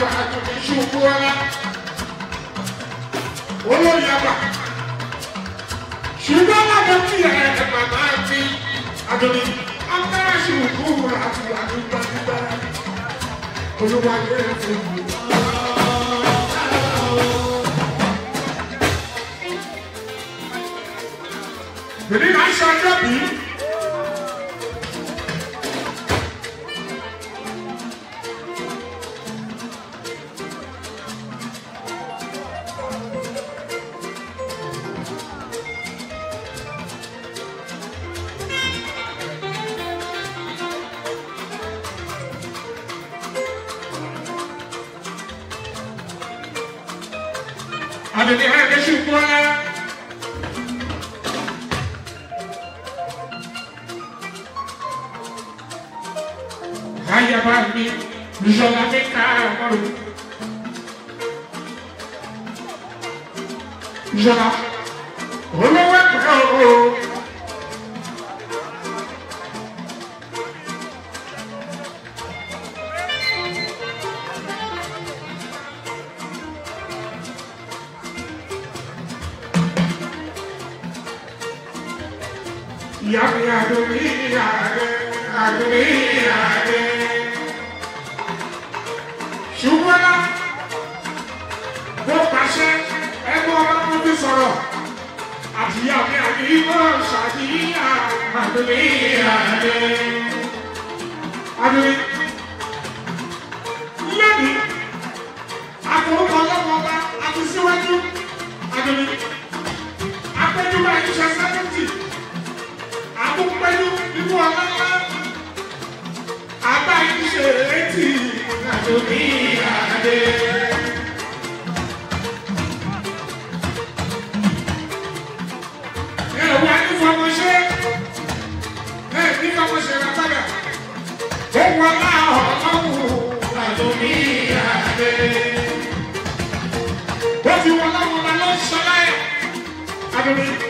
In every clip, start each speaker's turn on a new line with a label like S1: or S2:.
S1: àjọ àjọ kì í ṣe òkú rárá olórí àgbà ṣùgbọ́n lábẹ́ tí ẹ̀ẹ́dẹ̀ màmá ti àdùnní agbára ṣe òkú wúra àti àdúgbò àdúgbò olúwa yẹn ti wù. Bìnní náà ṣe ọjọ́ bíi. A di hari kesimpulan Raia vai me joga bem joga, Jogar Rolou a prova ṣùgbọ́n bó pàṣẹ ẹgbẹ́ ọlọ́run ti sọ̀rọ̀ àtìyá mi àti ìbọn ṣàtìyá àdúgbìyà rẹ. Adúlé lónìí àkórúkọ ọlọ́wọ́ ọba àti síwájú Adúlé tó pẹ́lú nínú ọlọ́lá. Abáyé ṣe retí àtòkí àdé. Ẹ wá ní fọmọṣẹ́, ẹ ní fọmọṣẹ́ rà padà. Ó wọlá ọlọ́run àtòkí àdé. Ó fi wọlá wọlá lọ́sọ̀láyà. Adúlé.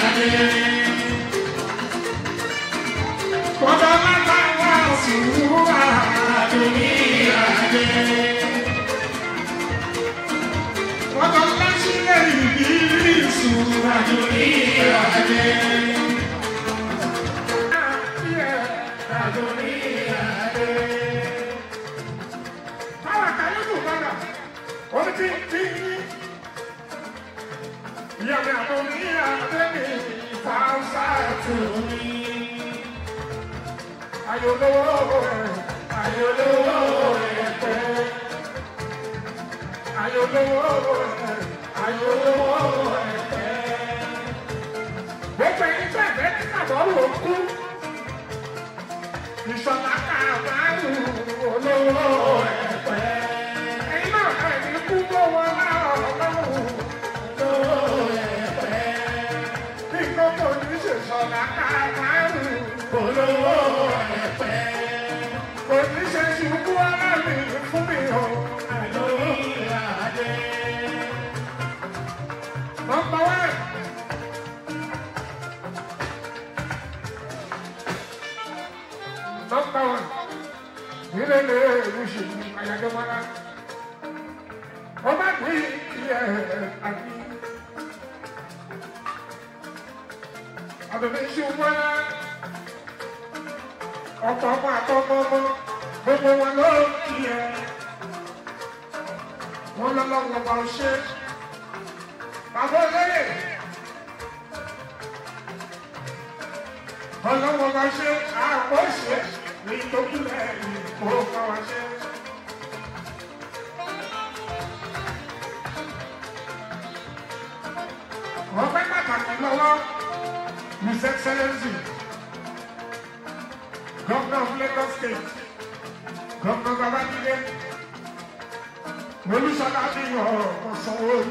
S1: Àtòkí sùn mí. Ayọ̀ lọ́wọ́ rẹ̀, ayọ̀ lọ́wọ́ rẹ̀ pẹ́. Ayọ̀ lọ́wọ́ rẹ̀, ayọ̀ lọ́wọ́ rẹ̀ pẹ́. Gbogbo ẹni tó ẹ̀fẹ́ tí kàtọ́ wò kú. lówó ẹ̀pẹ́. Oníṣẹ́ ṣubú ara mi fún mi o, àlóyè adé. Nọ́mbà wá. Nọ́mbà wá. Nílé ọ̀tọ̀ọ̀tọ̀ àtọ̀gbọ̀gbọ̀ gbogbo wọn ló ń yẹ. wọ́n lọ́lọ́wọ́ bá ń ṣe. bàbá olóyè ọlọ́wọ́ bá ṣe àpò ṣe ní ìtòkùnlẹ̀ kó bá wa ṣe. ọpẹ́ pàtàkì lọ́wọ́ His Excellency. Governor of Lagos State, Governor Babajide, Olúṣọlá Adéyọ̀ Ọ̀sán Olú. Oh,